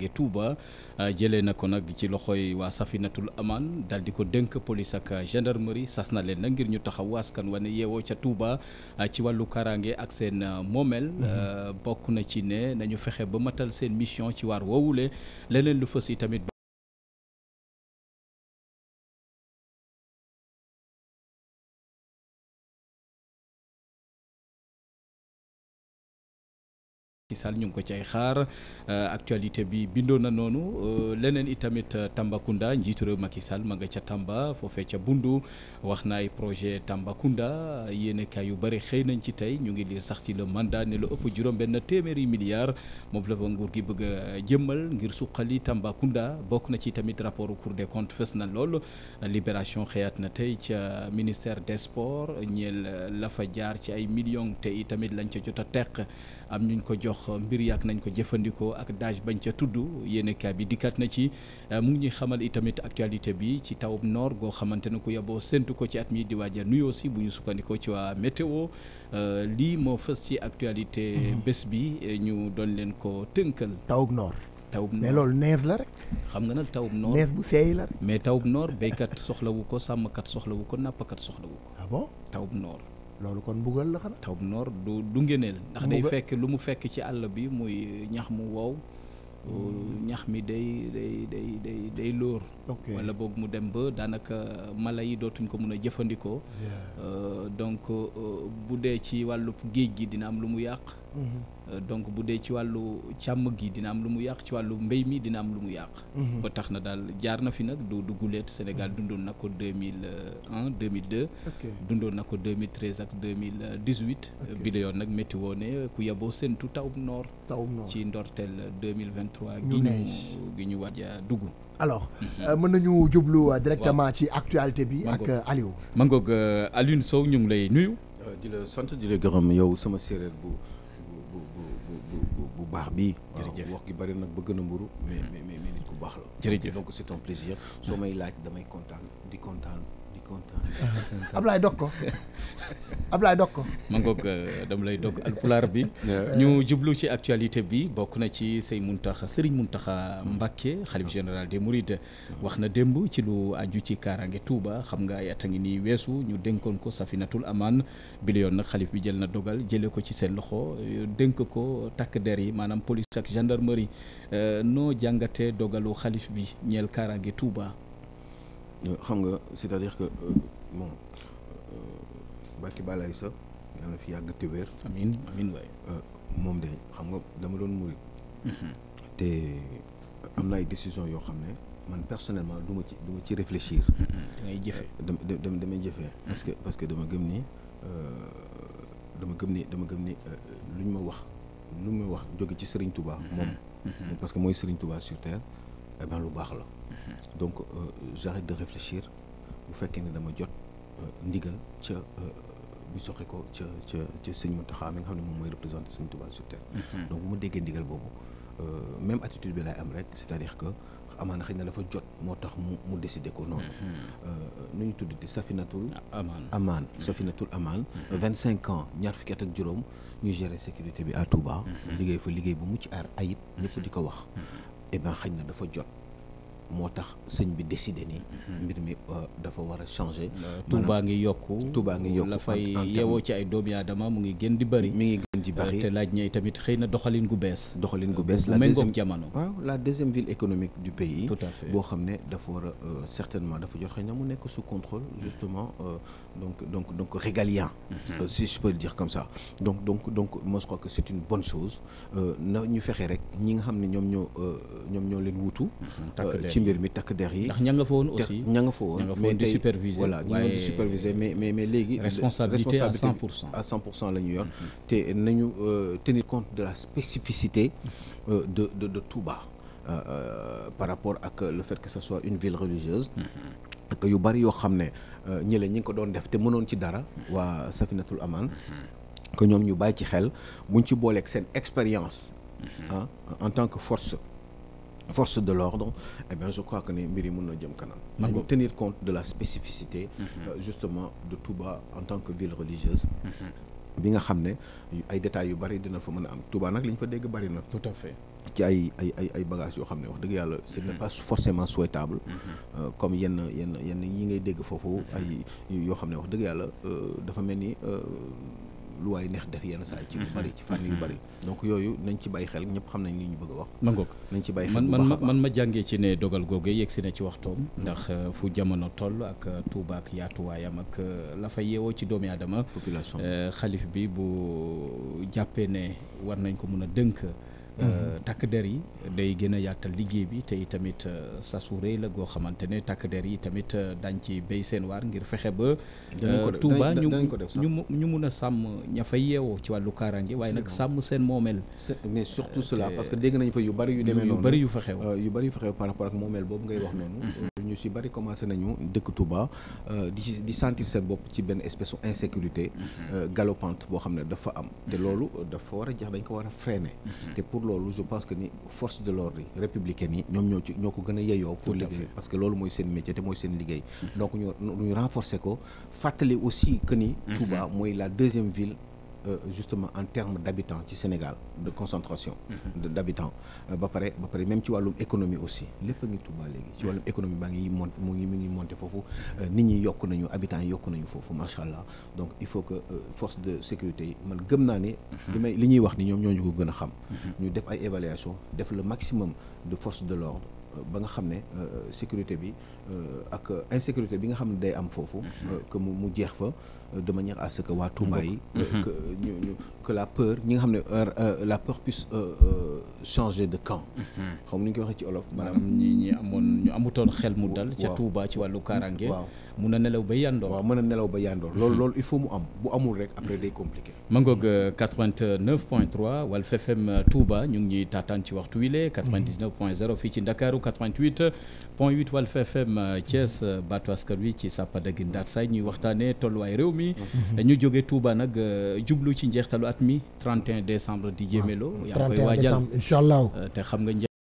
ngi Touba euh, na ko nag ci loxo yi waa Safinatul Aman dal di ko dénk police ak gendarmerie sas na leen nag ngir ñu taxaw askan wane yeewoo ca Touba euh, ci wàllu kaaraange ak seen euh, moomeel. Mhm. bokk na ci ne nañu fexe ba matal seen mission ci waar woowule leneen lu fës yi Sall ñu ngi ko ci ay xaar euh, actualité bi bindoo na noonu euh, leneen itamit euh, Tambacounda njiitu réew Macky ma nga ca Tamba foofee ca Bundu wax na ay projet Tambacounda yéenekaay yu bëri xëy nañ ci tey ñu ngi liir sax ci le mandat ne lu ëpp juróom benn téeméeri milliards moom la fa nguur gi bëgg a jëmmal ngir suqali Tambacounda bokk na ci tamit rapport Cour des comptes fës na lool Libération xëyaat na tey ca ministère des sports ñeel la fa jaar ci ay millions te itamit lañ ca jot a teq mbir yàgg nañ ko jëfandikoo ak daaj bañ ca tudd yéenekaay bi dikkat na ci euh, mu ngi ñuy xamal itamit actualité bi ci tawub noor goo xamante ne ku yeboo séntu ko ci at mii di waajal nuyoo si bu ñu sukkandikoo ci waa météo euh, lii moo fës ci actualité mhm. bés bi euh, ñu doon leen ko tënkal tawub noor tawub noor mais loolu neef la rek. xam nga nag tawub noor neef bu seey la rek. mais tawub noor béykat soxlawu ko sàmmkat soxlawu ko nappkat soxlawu ko. Ah tawub noor. loolu kon mbugal la xanaa. taw noor du du ngëneel ndax day fekk lu mu fekk ci àll bi muy ñax mu wow. Hmm. ñax mi day day day day lóor. wala boog mu dem ba daanaka mala yi dootuñ ko mun a jëfandikoo. Euh, donc euh, bu dee ci wàllu géej gi dina am lu mu yàq. Euh, donc bu dee ci wàllu càmm gi dina am lu mu yàq ci wàllu mbéy mi dina am lu mu yàq. Mhm. ba tax na daal jaar na fi nag du du guleet Sénégal mhm. dundoon na ko deux mille un deux mille deux. dundoon na ko deux mille treize ak deux mille dix huit. Euh, bi la nag métti woo ne ku yeboo séntu tawub noor. tawub noor ci ndorteel deux mille vingt trois. gi ñu gi ñu waaj a dugg. alors mhm. euh, mën na nañu jublu directement ci actualité bi ak Aliou. ma ngoog Sow ñu ngi lay nuyu. di la sant di la gërëm yow sama séeréer bu. baax bi jërëjëf wax gi bari nag bëgg na mburu hmm. mais mais mais nit ku baax la jërëjëf donc c'est un plaisir soo may laaj damay kontaan di kontaan kontaan Ablaye dog ko Ablaye dog ko. ma ngoog euh, dama lay dog alpulaar bi. ñu jublu ci actualité bi bokk na ci say Muntaxa Serigne Muntaxa Mbacke xalif général de Mourides wax na démb ci lu aju ci kaaraange tuuba xam nga ay at a ngi nii weesu ñu dénkoon ko Safinatul Amaan bi la yoon nag xalif bi jël na dogal jële ko ci seen loxo euh, dënk ko takk der yi maanaam police ak gendarmerie euh, noo jàngatee dogalu xalif bi ñeel kaaraange Touba. xam nga c'est-à-dire que euh, bon Mbacke euh, Balaye sa yàlla fi yàgg te wér. amiin amiin euh, moom de xam nga dama doon murit. Mhm. te am na ay décisions yoo xam ne man personnellement du ma ci du ma ci réfléchir. Mhm, da ngay jëfee dama damay jëfee. Mhm. parce que parce que dama gëm ni dama gëm ni dama gëm ni luñ ma wax luñ ma wax jóge ci Serigne tubaa moom parce que mooy Serigne Touba sur eh bien lu baax la donc euh, j'arrête de réfléchir bu fekkee ni dama jot euh, ndigal ca bu euh, soxe ko ca ca ca sëñ Mountakha mi nga xam ne moom mooy représenté sëñ Touba sur terre mhm. donc bu ma déggee ndigal boobu même attitude bi lay am rek c'est-à-dire que amaana xëy na dafa jot moo tax mu mu décidé ko noonu mhm. nu ñu tudd tuddati safinatul amaan amaan safinatul amaan mhm. vingt cinq ans ñaar fukki ak juróom ñu gérer sécurité bi à Touba liggéey fa liggéey bu mucc aar ayib ñëpp di ko wax eh bien na dafa jot moo tax sëñ bi décidé ni mhm. mbir mi euh, dafa war a changer. Touba ngi yokku Touba ngi yokku la fay yeewoo ci ay doomi aadama mu ngi gën di bëri. gën ci bari te laaj ñay tamit xëy na doxalin gu bees. doxalin gu bees la deuxième ville économique du pays. boo xam ne dafa war a euh, certainement dafa jot xëy na mu nekk sous contrôle justement euh, donc donc régalien. Mhm. Euh, si je peux dire comme ça donc donc donc que c' une bonne chose na ñu fexe rek ñi nga xam ne ñoom ñoo ñoom ñoo leen wutu. Mhm, ci mbir mi takk der yi. ndax ña nga fa woon aussi ña nga fa woon. mais di superviser voilà ñu ngi di superviser mais mais mais léegi. responsabilité à la ñu yor mhm. nañu euh, tenir compte de la spécificité euh, de de de Touba euh, par rapport ak le fait que ce soit une ville religieuse. Mm-hmm. ak yu bari yoo xam ne ñële ñi ngi ko doon def te mënoon ci dara. Mm-hmm. waa Safinatul Aman mm-hmm. que ñoom ñu bàyyi ci xel buñ ci booleeg seen expérience. ah en tant que force. force de l'ordre eh bien je crois que ni mbir yi mun na jëm kanam. nañu tenir compte de la spécificité. Euh, justement de Touba en tant que ville religieuse. bi nga xam ne ay détails yu bari dina fa mën a am Touba nag li ñu fa dégg bari na. tout à fait ci ay ay ay ay yoo xam ne wax dëgg yàlla. ce n'est mm-hmm. pas forcément souhaitable. Mm-hmm. Euh, comme yenn yenn yenn yi ngay dégg foofu mm-hmm. ay yoo xam ne wax dëgg yàlla euh, dafa mel ni. Euh, lu waay neex def yenn saa ci lu bari ci fànn yu bari mm-hmm. donc yooyu nañ ci bàyyi xel ñëpp xam nañ li ñu bëgg a wax ma ngoog nañ ci bàyyi xel man man man ma jàngee ci ne dogal googu yegg si na ci waxtoom mm-hmm. ndax euh, fu jamono toll ak euh, tuubaak ak yaatuwaayam ak euh, la fa yeewoo ci doomi aadama population xalif bi bu jàppee ne war nañ ko mun a dënk Euh, takk der yi day gën a yaatal liggéey bi te tamit euh, sasu rëy la goo xamante ne takk der yi tamit euh, dañ ci béy seen waar ngir fexe ba. Touba ñu ñu ñu mun a sàmm ña fa yeewoo ci wàllu kaaraange waaye nag sàmm seen moomeel. mais surtout cela parce que dégg nañ fa yu bari yu demee yu bari yu fa xew. yu bari yu fa xew par rapport ak moomeel boobu ngay wax noonu. Mm-hmm. ñu si bari commencé nañu dëkk Touba euh, di di sentir seen bopp ci benn espèce u insécurité mm-hmm. euh, galopante boo xam ne dafa am te mm-hmm. loolu dafa war a jeex dañ ko war a freiner mm-hmm. te pour loolu je pense que ni force de l'ordre yi républicaine yi ñoom ñoo ci ñoo ko gën a yeyoo pour liggéey parce que loolu mooy seen métier te mooy seen liggéey donc ñu ñu renforcer ko fàttali aussi que ni mooy la deuxième ville Euh, justement en termes d'habitants ci Sénégal de concentration mhm. d'habitants euh, ba pare ba pare même ci wàllum économie aussi lépp a ngi Touba léegi ci mhm. wàllum économie baa ngi monte mu ngi mu ngi monte foofu euh, nit ñi yokk nañu habitants yi yokk nañu foofu macha allah donc il faut que force de sécurité yi man gëm naa ni mhm. li may li ñuy wax ni ñoom ñoo ñu ko gën a xam ñu def ay évaluation def le maximum de force de l'ordre ba nga xam ne sécurité bi Euh, ak insécurité bi nga xam ne day am foofu. Mhm. Euh, que mu mu jeex fa euh, de manière à ce que waa Touba yi. Mhm. que ñu la peur ñi nga xam ne la peur puisse changer de camp. xaw ma nu ñu koy waxee ci olof. maanaam ñi ñi amoon ñu amutoon xel mu dal. ca Touba ci wàllu kaaraange. waaw mun a nelaw ba yandoor. waaw mën a nelaw ba yandoor. loolu loolu il faut mu am bu amul rek après day compliqué. ma ngoog 89.3 Walf FM Touba ñu ngi ñuy taataan ci waxtu wile. 99.0 fii ci Ndakaaru 88.8 Walf FM. Thiès euh, baatu askan wi ci sàppa daggi ndaat saay ñuy waxtaanee tolluwaay réew mi mhm. ñu jóge Touba nag euh, jublu ci njeextalu at mi 31 décembre di jéemeloo ah. yaa koy waajal euh, te xam nga